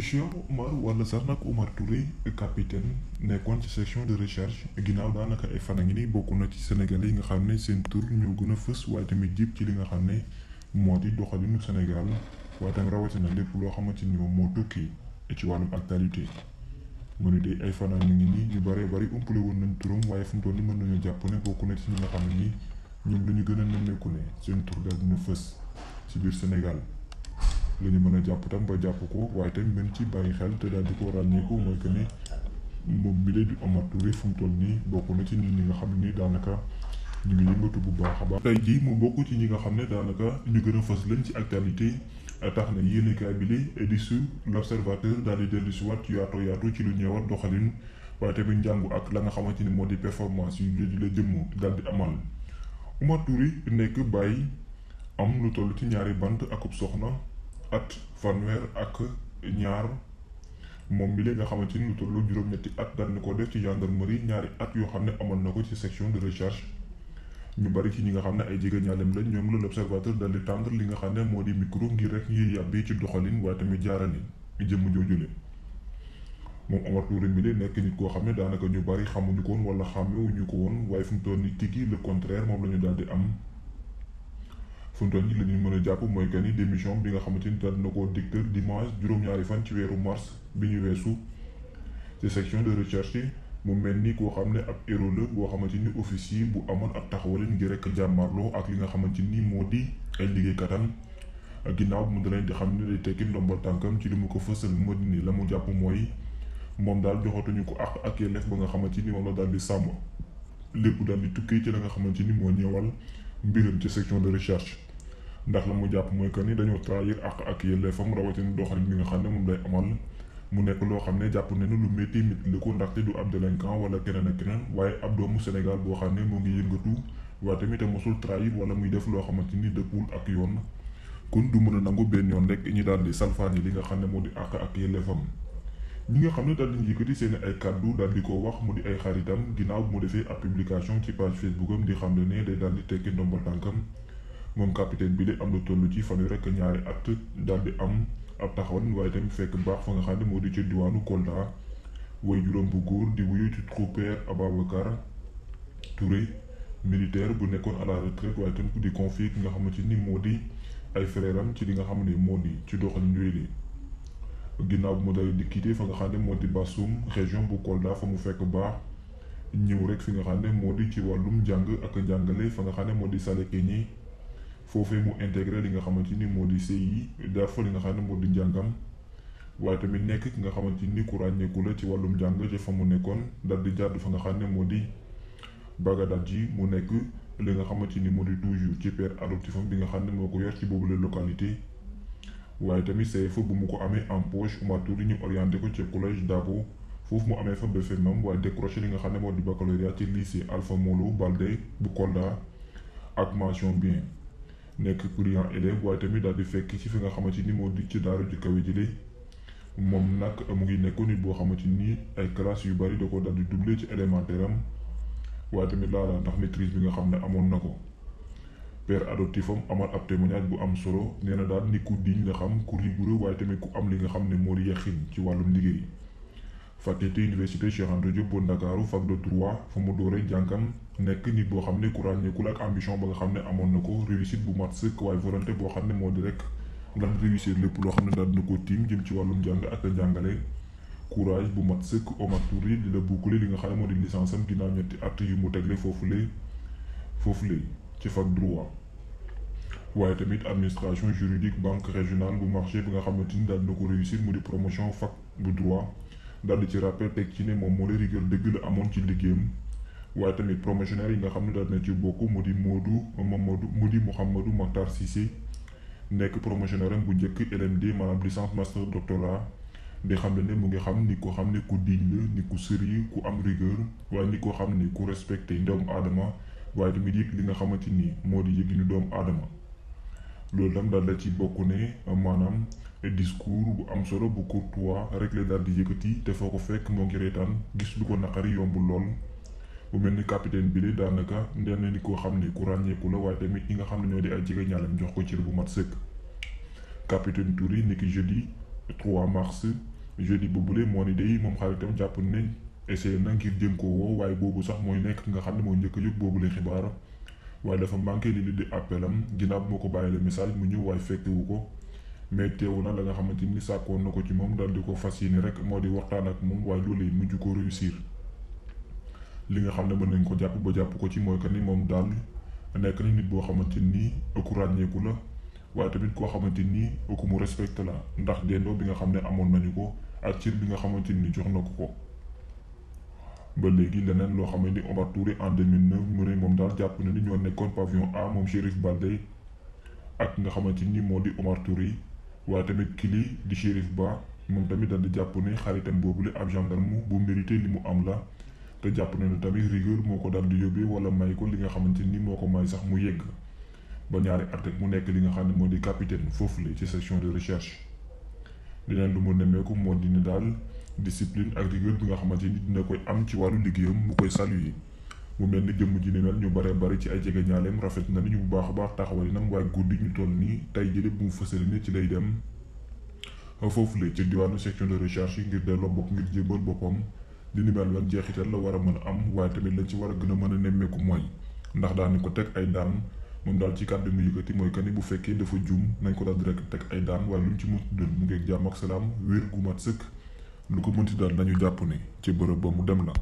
Chiomb ma wala sax nag Umar Touré capitaine nekkoon ci section de recherche ginnaaw daanaka ay fan a ngi nii bokk na ci Sénégal yi nga xam ne seen tur ñoo gën a fës waaye tamit jib ci li nga xam ne moo di doxalinu Sénégal waaye tamit rawatina lépp loo xamante ni moom moo tukki ci wàllum actualité. mu ne de ay fan a ngi nii ñu bëree bëri umpale woon nañ turam waaye fu mu toll mën nañu jàpp ne bokk na ci nga xam ne nii ñoom lu ñu gën a nemmeeku ne seen tur daal dina fës biir Sénégal. la ñu mën a jàpp tam ba jàpp ko waaye tam mën ci bàyyi xel te daal di ko ràññeeku mooy que ni moom bi lay di Omar Touré fu mu toll nii bokk na ci nit ñi nga xam ne daanaka ñu ngi bu baax a baax. tey jii mu bokk ci ñi nga xam ne daanaka ñu gën a fës lañ ci actualité tax na yéenekaay bi lay di su l'observateur daal di dellu si waat yaatu yaatu ci lu ñëwaat doxalin waaye tamit njàngu ak la nga xamante ni moo di performance yu la di la jëmm daal di amal Omar Touré nekk bàyyi am lu toll ci ñaari bant akub soxna. at fanweer ak ñaar moom bi léegi nga xamante ni lu tollu juróom-ñetti at daan na ko def ci gendarmerie ñaari at yoo xam ne amoon na ko ci section de recherche ñu bari ci ñi nga xam ne ay jege ñaalem lañ ñoom la l'observateur dal di tendre li nga xam ne moo di micro ngir rek ngir yàbbi ci doxalin waaye tamit jaarani jëmm joojule moom Omar Touré mi de nekk nit koo xam ne daanaka ñu bari xamuñu ko woon wala xàmmewuñu ko woon waaye fu mu toll nii tigi le contraire moom la ñu daal di am. fu mu toll nii mën a jàpp mooy que ni démission bi nga xamante ni daan na ko dicteur dimanche juróom-ñaari fan ci weeru mars bi ñu weesu ci section de recherche yi mu mel ni koo xam ne ab héros la boo xamante ni officier bu amoon ab taxawal ngir rek jàmmarloo ak li nga xamante ni moo di ay liggéeykatam ginnaaw mu dalañ di xam ne day tekki ndombal tànkam ci li mu ko fësal moo di nii la mu jàpp mooy moom daal joxatuñu ko àq ak yelleef ba nga xamante ni moom daal di sàmm. lépp daal di tukkee ci la nga xamante ni moo ñëwal mbiram ci section de recherche ndax la mu jàpp mooy que ni dañoo trahir àq ak yelleefam rawatina doxalin bi nga xam ne moom lay amal mu nekk loo xam ne jàpp nañu lu métti métti la ko ndaxte du ab délinquant wala keneen ak keneen waaye ab doomu Sénégal boo xam ne moo ngi yëngatu waaye tamit mosul trahir wala muy def loo xamante ni dëppul ak yoon kon du mën a nangu benn yoon rek ñu daal di salfaani li nga xam ne moo di àq ak yelleefam. ñi nga xam ne daal dañu yëkkati seen ay kàddu daal di ko wax mu di ay xaritam ginnaaw bu mu defee ab publication ci page Facebook di xam ne day daal di tekki ndomba tànkam moom capitaine bi de am lu toll ci fanweer rekk ñaari at daal di am ab taxawan waaye tamit fekk baax fa nga xam ne moo di ca diwaanu Kolda way juróom bu góor di wuyu ci troupeer Ababacar Touré militaire bu nekkoon à la retraite waaye tamit di confier ki nga xamante ni moo di ay frère ci li nga xam ne moo di ci doxalin yooyu ginnaaw bi mu daal di quitté fa nga xam ne moo di Bassoum région bu Kolda fa mu fekk baax ñëw rek fi nga xam ne moo di ci wàllum njàng ak njàngale fa nga xam ne moo di Salékegni foofee mu intégré li nga xamante ni moo di CI daal li nga xam ne moo di njàngam waaye tamit nekk ki nga xamante ni ku ràññeeku la ci wàllum njàng ca fa mu nekkoon daal di jàdd fa nga xam ne moo di Bagdad ji mu nekk li nga xamante ni moo di toujours ci père adoptif am bi nga xam ne moo ko yor ci boobu boobule localité. waaye tamit CFEE bu mu ko amee en poche Oumartour ñu orienté ko ci collège Dabo foofu mu amee fa BFEM waaye décroché li nga xam ne moo di baccalauréat ci lycée Alpha Molo Baldé bu Kolda ak mention bien nekk brillant élève waaye tamit daal di fekk ci fi nga xamante ni moo di ci daaru ji kawe jële moom nag mu ngi nekkoon nit boo xamante ni ay classes yu bari da ko daal di doublé ci élémentaire am waaye tamit laalaa ndax maîtrise bi nga xam ne amoon na ko. père adoptif am amal ab témoignage bu am solo nee na daal ni ku diñ la xam ku rigoureux waaye tamit ku am li nga xam ne moo di yaxin ci wàllum liggéey faculté université Cheikh Anta Diop bu Ndakaaru fac de droit fa mu dooree jànkam nekk nit boo xam ne ku ràññeekul ak ambition ba nga xam ne amoon na ko réussite bu mat sëkk waaye volonté boo xam ne moo di rek ndax réussir lépp loo xam ne daal dina ko tiim jëm ci wàllum jàng ak la courage bu mat sëkk Omar Touré di la boucler li nga xam ne moo di licence am ginnaaw at yu mu tegle foofu le foofu le ci fac droit waaye tamit administration juridique banque régionale bu marché bi nga xamante ni daal na ko réussir mu di promotion fac bu droit daal di ci rappel teg ci ne moom moo di rigueur dëgg la amoon ci liggéeyam waaye tamit promotionnaire yi nga xam ne daal na ci bokk mu di Modou Mamadou mu di Mouhamadou Makhtar Cissé nekk promotionnaire am bu njëkk LMD maanaam licence master doctorat di xam ne mu ngi xam ni ko xam ne ku digne la ni ku sérieux ku am rigueur waaye ni ko xam ni ku respecté doomu aadama waaye tamit yëg li nga xamante ni moo di yëg ñu doomu aadama loolu tam daal la ci bokk ne maanaam discours bu am solo bu courtois rek la daal di yëkkati te foo ko fekk moo ngi reetaan gis lu ko naqari yomb lool bu mel ni capitaine bi li daanaka ndeen na ni koo xam ne ku ràññeeku la waaye tamit ñi nga xam ne ñoo di ay jege ñaalam jox ko cër bu mat sëkk capitaine Touré niki jeudi 3 mars jeudi le moo ni day moom xaaritam jàpp nañ essayé nag ngir jéem woo waaye boobu sax mooy nekk nga xam ne moo njëkk a yëg boobu la xibaar waaye dafa manqué li li di appelam ginnaaw bi ma ko bàyyi la message mu ñëw waaye fekkewu ko mais teewu na la nga xamante ni sàkkoon na ko ci moom daal di ko fas yéene rek moo di waxtaan ak moom waaye loolee mujj ko réussir li nga xam ne mën nañ ko jàpp ba jàpp ko ci mooy que ni moom daal nekk na nit boo xamante ni ëkku ràññeeku la waaye tamit koo xamante ni ëkku mu respecte la ndax dendoo bi nga xam ne amoon nañu ko ak cir bi nga xamante ni jox na ko ko. ba léegi leneen loo xam ne Omar Touré en 2009 mu ne moom daal jàpp na ni ñoo nekkoon pavillon A moom Chérif Baldé ak nga xamante ni moo di Omar yi waaye tamit kili di Chérif Ba moom tamit daal di jàpp ne xaritam boobu la ab gendarme bu mérité li mu am la te jàpp na ne tamit rigueur moo ko dal di yóbbee wala may ko li nga xamante ni moo ko may sax mu yëgg ba ñaari at mu nekk li nga xam ne moo di capitaine foofu lay ci section de recherche leneen lu mu nemmeeku moo di ne daal. discipline ak rigueur bi nga xamante ni dina koy am ci wàllu liggéeyam mu koy saluer mu mel ni jëmm ji ni mel ñu bare bari ci ay jege ñaaleem rafet na ni ñu bu baax a baax taxawalinam waaye guddi ñu toll nii tey jële bu mu fësale ni ci lay dem foofule ca diwaanu section de recherche yi ngir delloo bopp ngir jébal boppam li ni jeexital la war a mën a am waaye tamit lañ ci war a gën a mën a nemmeeku mooy ndax daani ko teg ay daan moom daal ci kàddu mu yëkkati mooy que ni bu fekkee dafa juum nañ ko daal di rek teg ay daan waaye luñ ci mën doon mu ngeeg jàmm ak salaam wér sëkk lu ko mënti daal nañu jàpp ni ci bërëb ba mu dem la